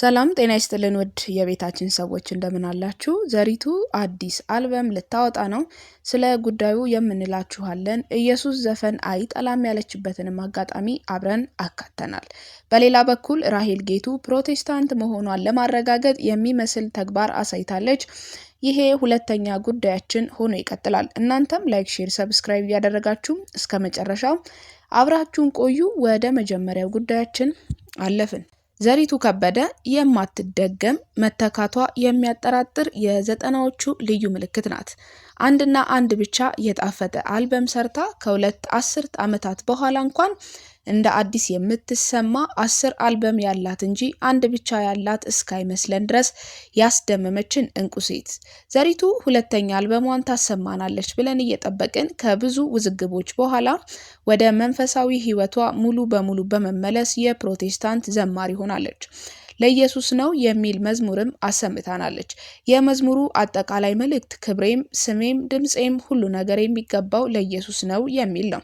ሰላም ጤና ይስጥልን ውድ የቤታችን ሰዎች እንደምን አላችሁ? ዘሪቱ አዲስ አልበም ልታወጣ ነው። ስለ ጉዳዩ የምንላችኋለን። ኢየሱስ ዘፈን አይጠላም ያለችበትንም አጋጣሚ አብረን አካተናል። በሌላ በኩል ራሄል ጌቱ ፕሮቴስታንት መሆኗን ለማረጋገጥ የሚመስል ተግባር አሳይታለች። ይሄ ሁለተኛ ጉዳያችን ሆኖ ይቀጥላል። እናንተም ላይክ፣ ሼር፣ ሰብስክራይብ እያደረጋችሁ እስከ መጨረሻው አብራችሁን ቆዩ። ወደ መጀመሪያው ጉዳያችን አለፍን። ዘሪቱ ከበደ የማትደገም መተካቷ የሚያጠራጥር የዘጠናዎቹ ልዩ ምልክት ናት። አንድና አንድ ብቻ የጣፈጠ አልበም ሰርታ ከሁለት አስርት ዓመታት በኋላ እንኳን እንደ አዲስ የምትሰማ አስር አልበም ያላት እንጂ አንድ ብቻ ያላት እስካይመስለን ድረስ ያስደመመችን እንቁ ሴት ዘሪቱ ሁለተኛ አልበሟን ታሰማናለች ብለን እየጠበቅን ከብዙ ውዝግቦች በኋላ ወደ መንፈሳዊ ሕይወቷ ሙሉ በሙሉ በመመለስ የፕሮቴስታንት ዘማሪ ሆናለች። ለኢየሱስ ነው የሚል መዝሙርም አሰምታናለች። የመዝሙሩ አጠቃላይ መልእክት ክብሬም፣ ስሜም፣ ድምፄም ሁሉ ነገር የሚገባው ለኢየሱስ ነው የሚል ነው።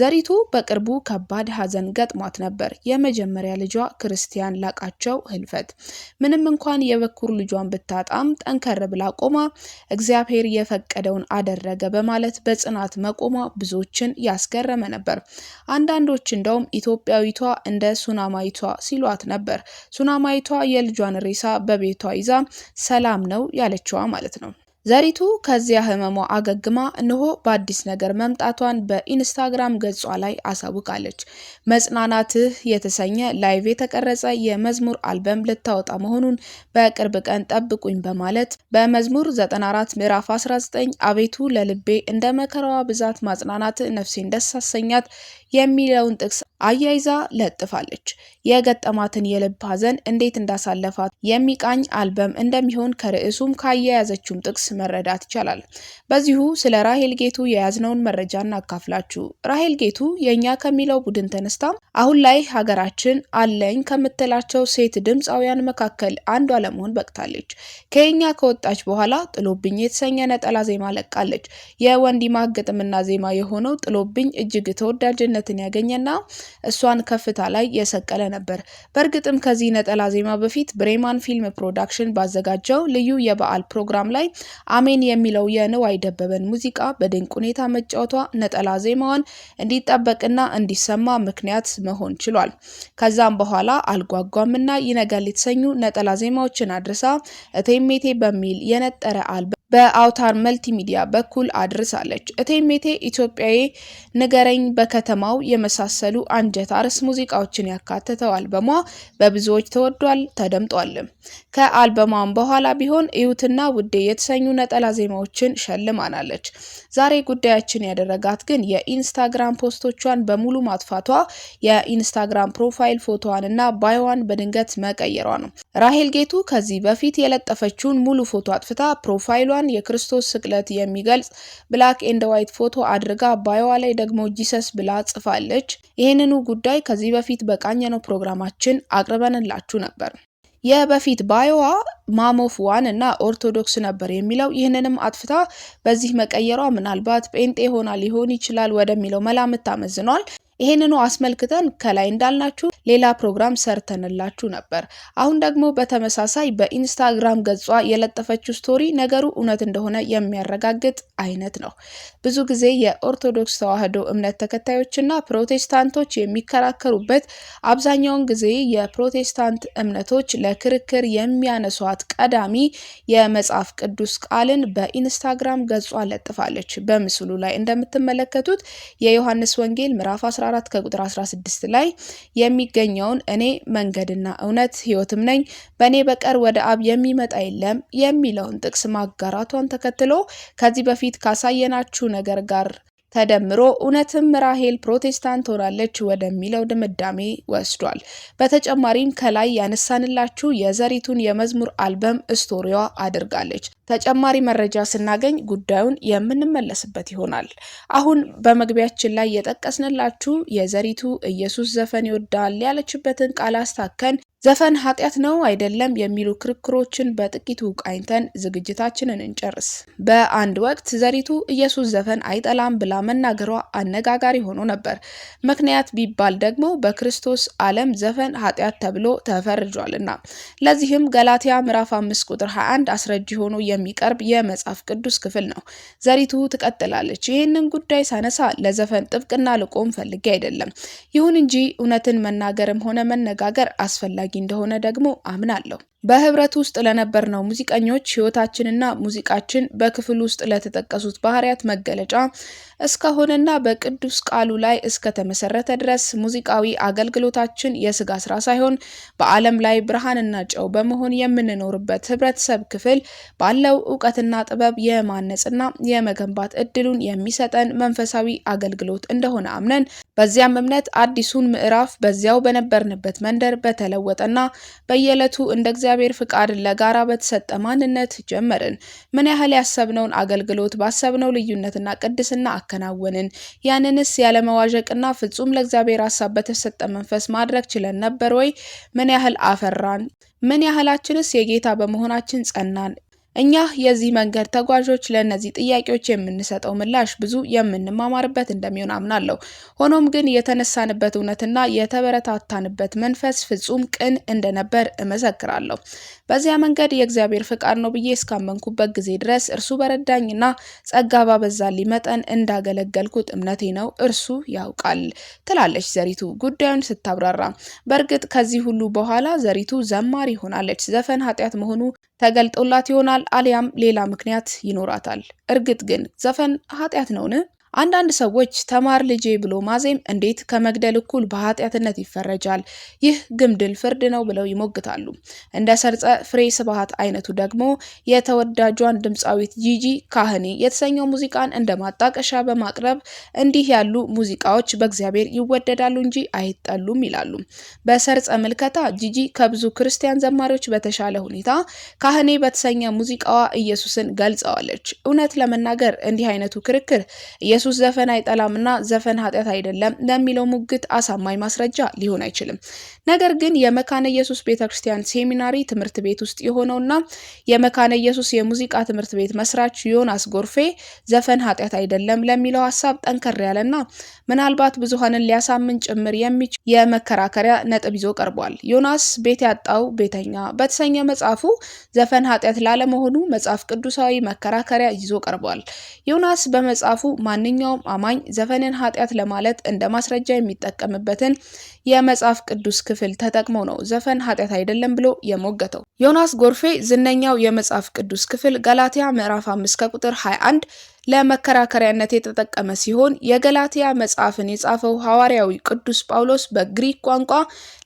ዘሪቱ በቅርቡ ከባድ ሐዘን ገጥሟት ነበር። የመጀመሪያ ልጇ ክርስቲያን ላቃቸው ህልፈት ምንም እንኳን የበኩር ልጇን ብታጣም ጠንከር ብላ ቆማ እግዚአብሔር የፈቀደውን አደረገ በማለት በጽናት መቆሟ ብዙዎችን ያስገረመ ነበር። አንዳንዶች እንደውም ኢትዮጵያዊቷ እንደ ሱናማይቷ ሲሏት ነበር። ሱናማ እማይቷ የልጇን ሬሳ በቤቷ ይዛ ሰላም ነው ያለችዋ ማለት ነው። ዘሪቱ ከዚያ ህመሟ አገግማ እንሆ በአዲስ ነገር መምጣቷን በኢንስታግራም ገጿ ላይ አሳውቃለች። መጽናናትህ የተሰኘ ላይቭ የተቀረጸ የመዝሙር አልበም ልታወጣ መሆኑን በቅርብ ቀን ጠብቁኝ በማለት በመዝሙር 94 ምዕራፍ 19 አቤቱ ለልቤ እንደ መከራዋ ብዛት ማጽናናት ነፍሴን ደስ አሰኛት የሚለውን ጥቅስ አያይዛ ለጥፋለች። የገጠማትን የልብ ሀዘን እንዴት እንዳሳለፋት የሚቃኝ አልበም እንደሚሆን ከርዕሱም ካያያዘችውም ጥቅስ መረዳት ይቻላል። በዚሁ ስለ ራሄል ጌቱ የያዝነውን መረጃ እናካፍላችሁ። ራሄል ጌቱ የእኛ ከሚለው ቡድን ተነስታም አሁን ላይ ሀገራችን አለኝ ከምትላቸው ሴት ድምፃውያን መካከል አንዷ ለመሆን በቅታለች። ከኛ ከወጣች በኋላ ጥሎብኝ የተሰኘ ነጠላ ዜማ ለቃለች። የወንዲማ ግጥምና ዜማ የሆነው ጥሎብኝ እጅግ ተወዳጅነትን ያገኘና እሷን ከፍታ ላይ የሰቀለ ነበር። በእርግጥም ከዚህ ነጠላ ዜማ በፊት ብሬማን ፊልም ፕሮዳክሽን ባዘጋጀው ልዩ የበዓል ፕሮግራም ላይ አሜን የሚለው የንዋይ ደበበን ሙዚቃ በድንቅ ሁኔታ መጫወቷ ነጠላ ዜማዋን እንዲጠበቅና እንዲሰማ ምክንያት መሆን ችሏል። ከዛም በኋላ አልጓጓምና ይነጋል የተሰኙ ነጠላ ዜማዎችን አድርሳ እቴሜቴ በሚል የነጠረ አልበ በአውታር መልቲሚዲያ በኩል አድርሳለች። እቴሜቴ ኢትዮጵያዊ፣ ንገረኝ፣ በከተማው የመሳሰሉ አንጀት አርስ ሙዚቃዎችን ያካትተው አልበሟ በብዙዎች ተወዷል ተደምጧልም። ከአልበሟም በኋላ ቢሆን እዩትና ውዴ የተሰኙ ነጠላ ዜማዎችን ሸልማናለች። ዛሬ ጉዳያችን ያደረጋት ግን የኢንስታግራም ፖስቶቿን በሙሉ ማጥፋቷ የኢንስታግራም ፕሮፋይል ፎቶዋንና ባዮዋን በድንገት መቀየሯ ነው። ራሄል ጌቱ ከዚህ በፊት የለጠፈችውን ሙሉ ፎቶ አጥፍታ ፕሮፋይሏ ራሷን የክርስቶስ ስቅለት የሚገልጽ ብላክ ኤንድ ዋይት ፎቶ አድርጋ ባዮዋ ላይ ደግሞ ጂሰስ ብላ ጽፋለች። ይህንኑ ጉዳይ ከዚህ በፊት በቃኘነው ፕሮግራማችን አቅርበንላችሁ ነበር። የበፊት ባዮዋ ማሞፍ ዋን እና ኦርቶዶክስ ነበር የሚለው ይህንንም አጥፍታ በዚህ መቀየሯ ምናልባት ጴንጤ ሆና ሊሆን ይችላል ወደሚለው መላምት ታመዝኗል። ይሄንኑ አስመልክተን ከላይ እንዳልናችሁ ሌላ ፕሮግራም ሰርተንላችሁ ነበር። አሁን ደግሞ በተመሳሳይ በኢንስታግራም ገጿ የለጠፈችው ስቶሪ ነገሩ እውነት እንደሆነ የሚያረጋግጥ አይነት ነው። ብዙ ጊዜ የኦርቶዶክስ ተዋሕዶ እምነት ተከታዮችና ፕሮቴስታንቶች የሚከራከሩበት አብዛኛውን ጊዜ የፕሮቴስታንት እምነቶች ለክርክር የሚያነሷት ቀዳሚ የመጽሐፍ ቅዱስ ቃልን በኢንስታግራም ገጿ ለጥፋለች። በምስሉ ላይ እንደምትመለከቱት የዮሐንስ ወንጌል ምዕራፍ 14 14 ከቁጥር 16 ላይ የሚገኘውን እኔ መንገድና እውነት ህይወትም ነኝ በእኔ በቀር ወደ አብ የሚመጣ የለም የሚለውን ጥቅስ ማጋራቷን ተከትሎ ከዚህ በፊት ካሳየናችሁ ነገር ጋር ተደምሮ እውነትም ራሄል ፕሮቴስታንት ሆናለች ወደሚለው ድምዳሜ ወስዷል። በተጨማሪም ከላይ ያነሳንላችሁ የዘሪቱን የመዝሙር አልበም ስቶሪዋ አድርጋለች። ተጨማሪ መረጃ ስናገኝ ጉዳዩን የምንመለስበት ይሆናል። አሁን በመግቢያችን ላይ የጠቀስንላችሁ የዘሪቱ ኢየሱስ ዘፈን ይወዳል ያለችበትን ቃል አስታከን ዘፈን ኃጢአት ነው አይደለም የሚሉ ክርክሮችን በጥቂቱ ቃኝተን ዝግጅታችንን እንጨርስ። በአንድ ወቅት ዘሪቱ ኢየሱስ ዘፈን አይጠላም ብላ መናገሯ አነጋጋሪ ሆኖ ነበር። ምክንያት ቢባል ደግሞ በክርስቶስ ዓለም ዘፈን ኃጢአት ተብሎ ተፈርጇልና። ለዚህም ገላትያ ምዕራፍ 5 ቁጥር 21 አስረጂ ሆኖ የሚቀርብ የመጽሐፍ ቅዱስ ክፍል ነው። ዘሪቱ ትቀጥላለች። ይህንን ጉዳይ ሳነሳ ለዘፈን ጥብቅና ልቆም ፈልጌ አይደለም። ይሁን እንጂ እውነትን መናገርም ሆነ መነጋገር አስፈላጊ አስፈላጊ እንደሆነ ደግሞ አምናለሁ በህብረት ውስጥ ለነበርነው ሙዚቀኞች ህይወታችንና ሙዚቃችን በክፍል ውስጥ ለተጠቀሱት ባህሪያት መገለጫ እስከሆነና በቅዱስ ቃሉ ላይ እስከተመሰረተ ድረስ ሙዚቃዊ አገልግሎታችን የስጋ ስራ ሳይሆን በዓለም ላይ ብርሃንና ጨው በመሆን የምንኖርበት ህብረተሰብ ክፍል ባለው እውቀትና ጥበብ የማነጽና የመገንባት እድሉን የሚሰጠን መንፈሳዊ አገልግሎት እንደሆነ አምነን በዚያም እምነት አዲሱን ምዕራፍ በዚያው በነበርንበት መንደር በተለወጠና በየዕለቱ እንደ የእግዚአብሔር ፍቃድ ለጋራ በተሰጠ ማንነት ጀመርን። ምን ያህል ያሰብነውን አገልግሎት ባሰብነው ልዩነትና ቅድስና አከናወንን? ያንንስ ያለመዋዠቅና ፍጹም ለእግዚአብሔር ሀሳብ በተሰጠ መንፈስ ማድረግ ችለን ነበር ወይ? ምን ያህል አፈራን? ምን ያህላችንስ የጌታ በመሆናችን ጸናን? እኛ የዚህ መንገድ ተጓዦች ለእነዚህ ጥያቄዎች የምንሰጠው ምላሽ ብዙ የምንማማርበት እንደሚሆን አምናለሁ። ሆኖም ግን የተነሳንበት እውነትና የተበረታታንበት መንፈስ ፍጹም ቅን እንደነበር እመሰክራለሁ። በዚያ መንገድ የእግዚአብሔር ፍቃድ ነው ብዬ እስካመንኩበት ጊዜ ድረስ እርሱ በረዳኝና ጸጋ ባበዛልኝ መጠን እንዳገለገልኩት እምነቴ ነው፣ እርሱ ያውቃል ትላለች ዘሪቱ ጉዳዩን ስታብራራ። በእርግጥ ከዚህ ሁሉ በኋላ ዘሪቱ ዘማሪ ሆናለች። ዘፈን ኃጢአት መሆኑ ተገልጦላት ይሆናል፣ አሊያም ሌላ ምክንያት ይኖራታል። እርግጥ ግን ዘፈን ኃጢአት ነውን? አንዳንድ ሰዎች ተማር ልጄ ብሎ ማዜም እንዴት ከመግደል እኩል በኃጢአትነት ይፈረጃል? ይህ ግምድል ፍርድ ነው ብለው ይሞግታሉ። እንደ ሰርጸ ፍሬ ስብሐት አይነቱ ደግሞ የተወዳጇን ድምፃዊት ጂጂ ካህኔ የተሰኘው ሙዚቃን እንደ ማጣቀሻ በማቅረብ እንዲህ ያሉ ሙዚቃዎች በእግዚአብሔር ይወደዳሉ እንጂ አይጠሉም ይላሉ። በሰርጸ ምልከታ ጂጂ ከብዙ ክርስቲያን ዘማሪዎች በተሻለ ሁኔታ ካህኔ በተሰኘ ሙዚቃዋ ኢየሱስን ገልጸዋለች። እውነት ለመናገር እንዲህ አይነቱ ክርክር ኢየሱስ ዘፈን አይጠላምና ዘፈን ኃጢአት አይደለም ለሚለው ሙግት አሳማኝ ማስረጃ ሊሆን አይችልም። ነገር ግን የመካነ ኢየሱስ ቤተ ክርስቲያን ሴሚናሪ ትምህርት ቤት ውስጥ የሆነውና የመካነ ኢየሱስ የሙዚቃ ትምህርት ቤት መስራች ዮናስ ጎርፌ ዘፈን ኃጢአት አይደለም ለሚለው ሀሳብ ጠንከር ያለና ምናልባት ብዙሀንን ሊያሳምን ጭምር የሚችል የመከራከሪያ ነጥብ ይዞ ቀርቧል። ዮናስ ቤት ያጣው ቤተኛ በተሰኘ መጽሐፉ ዘፈን ኃጢአት ላለመሆኑ መጽሐፍ ቅዱሳዊ መከራከሪያ ይዞ ቀርቧል። ዮናስ በመጽሐፉ ማንኛ ማንኛውም አማኝ ዘፈንን ኃጢአት ለማለት እንደ ማስረጃ የሚጠቀምበትን የመጽሐፍ ቅዱስ ክፍል ተጠቅሞ ነው ዘፈን ኃጢአት አይደለም ብሎ የሞገተው። ዮናስ ጎርፌ ዝነኛው የመጽሐፍ ቅዱስ ክፍል ገላትያ ምዕራፍ 5 ከቁጥር 21 ለመከራከሪያነት የተጠቀመ ሲሆን የገላትያ መጽሐፍን የጻፈው ሐዋርያዊ ቅዱስ ጳውሎስ በግሪክ ቋንቋ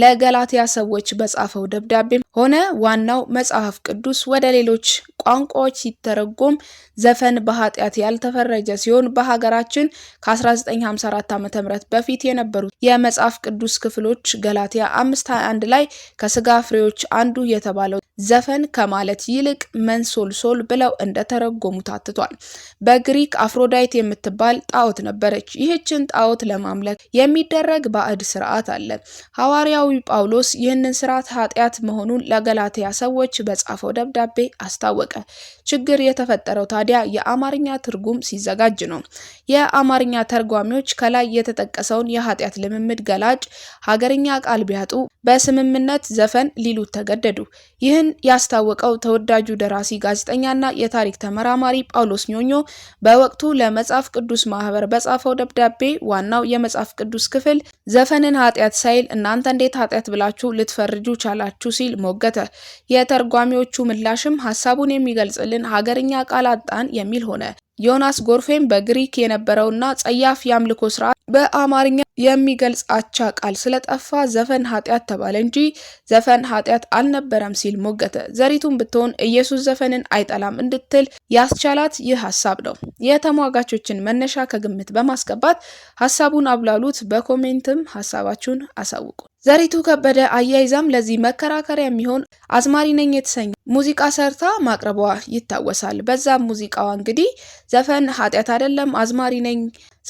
ለገላትያ ሰዎች በጻፈው ደብዳቤም ሆነ ዋናው መጽሐፍ ቅዱስ ወደ ሌሎች ቋንቋዎች ሲተረጎም ዘፈን በኃጢአት ያልተፈረጀ ሲሆን በሀገራችን ከ1954 ዓ ም በፊት የነበሩት የመጽሐፍ ቅዱስ ክፍሎች ገላትያ 521 ላይ ከስጋ ፍሬዎች አንዱ የተባለው ዘፈን ከማለት ይልቅ መንሶልሶል ብለው እንደተረጎሙ ታትቷል። በግሪክ አፍሮዳይት የምትባል ጣዖት ነበረች። ይህችን ጣዖት ለማምለክ የሚደረግ ባዕድ ስርዓት አለ። ሐዋርያዊ ጳውሎስ ይህንን ስርዓት ኃጢአት መሆኑን ለገላትያ ሰዎች በጻፈው ደብዳቤ አስታወቀ። ችግር የተፈጠረው ታዲያ የአማርኛ ትርጉም ሲዘጋጅ ነው። የአማርኛ ተርጓሚዎች ከላይ የተጠቀሰውን የኃጢአት ልምምድ ገላጭ ሀገርኛ ቃል ቢያጡ በስምምነት ዘፈን ሊሉት ተገደዱ። ይህን ያስታወቀው ተወዳጁ ደራሲ ጋዜጠኛና የታሪክ ተመራማሪ ጳውሎስ ኞኞ በወቅቱ ለመጽሐፍ ቅዱስ ማህበር በጻፈው ደብዳቤ ዋናው የመጽሐፍ ቅዱስ ክፍል ዘፈንን ኃጢአት ሳይል እናንተ እንዴት ኃጢአት ብላችሁ ልትፈርጁ ቻላችሁ ሲል ሞገተ። የተርጓሚዎቹ ምላሽም ሀሳቡን የሚገልጽልን ሀገርኛ ቃል አጣን የሚል ሆነ። ዮናስ ጎርፌም በግሪክ የነበረውና ጸያፍ የአምልኮ ስርዓት በአማርኛ የሚገልጽ አቻ ቃል ስለጠፋ ዘፈን ኃጢአት ተባለ እንጂ ዘፈን ኃጢአት አልነበረም ሲል ሞገተ። ዘሪቱም ብትሆን ኢየሱስ ዘፈንን አይጠላም እንድትል ያስቻላት ይህ ሀሳብ ነው። የተሟጋቾችን መነሻ ከግምት በማስገባት ሀሳቡን አብላሉት። በኮሜንትም ሀሳባችሁን አሳውቁ። ዘሪቱ ከበደ አያይዛም ለዚህ መከራከሪያ የሚሆን አዝማሪ ነኝ የተሰኘ ሙዚቃ ሰርታ ማቅረቧ ይታወሳል። በዛም ሙዚቃዋ እንግዲህ ዘፈን ኃጢአት አይደለም፣ አዝማሪ ነኝ፣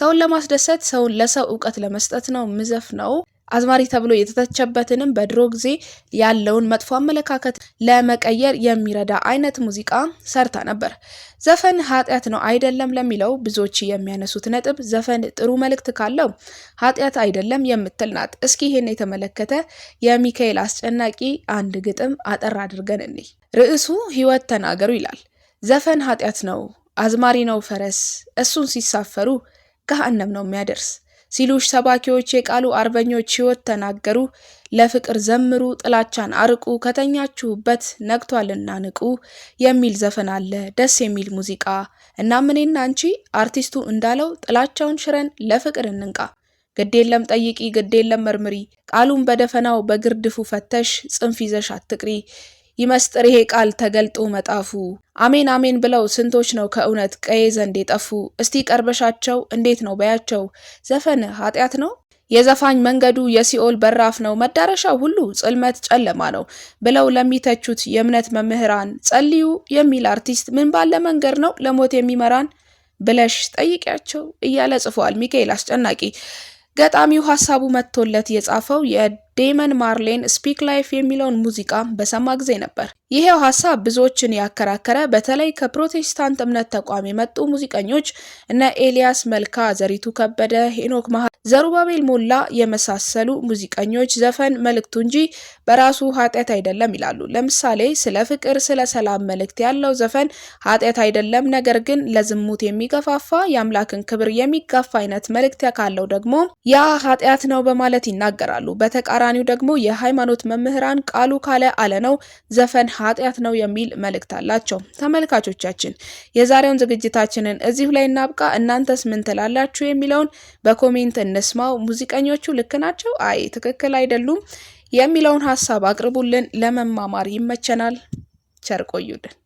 ሰውን ለማስደሰት ሰውን ለሰው እውቀት ለመስጠት ነው ምዘፍ ነው አዝማሪ ተብሎ የተተቸበትንም በድሮ ጊዜ ያለውን መጥፎ አመለካከት ለመቀየር የሚረዳ አይነት ሙዚቃ ሰርታ ነበር። ዘፈን ኃጢአት ነው አይደለም ለሚለው ብዙዎች የሚያነሱት ነጥብ ዘፈን ጥሩ መልእክት ካለው ኃጢአት አይደለም የምትል ናት። እስኪ ይህን የተመለከተ የሚካኤል አስጨናቂ አንድ ግጥም አጠር አድርገን እኔ ርዕሱ ህይወት ተናገሩ ይላል። ዘፈን ኃጢአት ነው አዝማሪ ነው ፈረስ እሱን ሲሳፈሩ ገሃነም ነው የሚያደርስ ሲሉሽ ሰባኪዎች የቃሉ አርበኞች ሕይወት ተናገሩ። ለፍቅር ዘምሩ፣ ጥላቻን አርቁ፣ ከተኛችሁበት ነግቷልና ንቁ የሚል ዘፈን አለ። ደስ የሚል ሙዚቃ እና ምኔና አንቺ አርቲስቱ እንዳለው ጥላቻውን ሽረን ለፍቅር እንንቃ። ግድ የለም ጠይቂ፣ ግድ የለም መርምሪ፣ ቃሉን በደፈናው በግርድፉ ፈተሽ ጽንፍ ይዘሽ አትቅሪ። ይመስጥር ይሄ ቃል ተገልጦ መጣፉ። አሜን አሜን ብለው ስንቶች ነው ከእውነት ቀዬ ዘንድ የጠፉ። እስቲ ቀርበሻቸው እንዴት ነው በያቸው፣ ዘፈን ኃጢአት ነው የዘፋኝ መንገዱ የሲኦል በራፍ ነው፣ መዳረሻው ሁሉ ጽልመት ጨለማ ነው ብለው ለሚተቹት የእምነት መምህራን ጸልዩ የሚል አርቲስት ምን ባለ መንገድ ነው ለሞት የሚመራን ብለሽ ጠይቂያቸው እያለ ጽፏል ሚካኤል አስጨናቂ። ገጣሚው ሀሳቡ መጥቶለት የጻፈው ዴመን ማርሌን ስፒክ ላይፍ የሚለውን ሙዚቃ በሰማ ጊዜ ነበር። ይሄው ሀሳብ ብዙዎችን ያከራከረ፣ በተለይ ከፕሮቴስታንት እምነት ተቋም የመጡ ሙዚቀኞች እነ ኤልያስ መልካ፣ ዘሪቱ ከበደ፣ ሄኖክ መሀል፣ ዘሩባቤል ሞላ የመሳሰሉ ሙዚቀኞች ዘፈን መልእክቱ እንጂ በራሱ ኃጢአት አይደለም ይላሉ። ለምሳሌ ስለ ፍቅር፣ ስለ ሰላም መልእክት ያለው ዘፈን ኃጢአት አይደለም፣ ነገር ግን ለዝሙት የሚገፋፋ የአምላክን ክብር የሚጋፋ አይነት መልእክት ካለው ደግሞ ያ ኃጢአት ነው በማለት ይናገራሉ። በተቃራ በተቃራኒው ደግሞ የሃይማኖት መምህራን ቃሉ ካለ አለ ነው፣ ዘፈን ኃጢአት ነው የሚል መልእክት አላቸው። ተመልካቾቻችን የዛሬውን ዝግጅታችንን እዚሁ ላይ እናብቃ። እናንተስ ምን ትላላችሁ የሚለውን በኮሜንት እንስማው። ሙዚቀኞቹ ልክ ናቸው፣ አይ ትክክል አይደሉም የሚለውን ሀሳብ አቅርቡልን። ለመማማር ይመቸናል። ቸር ቆዩልን።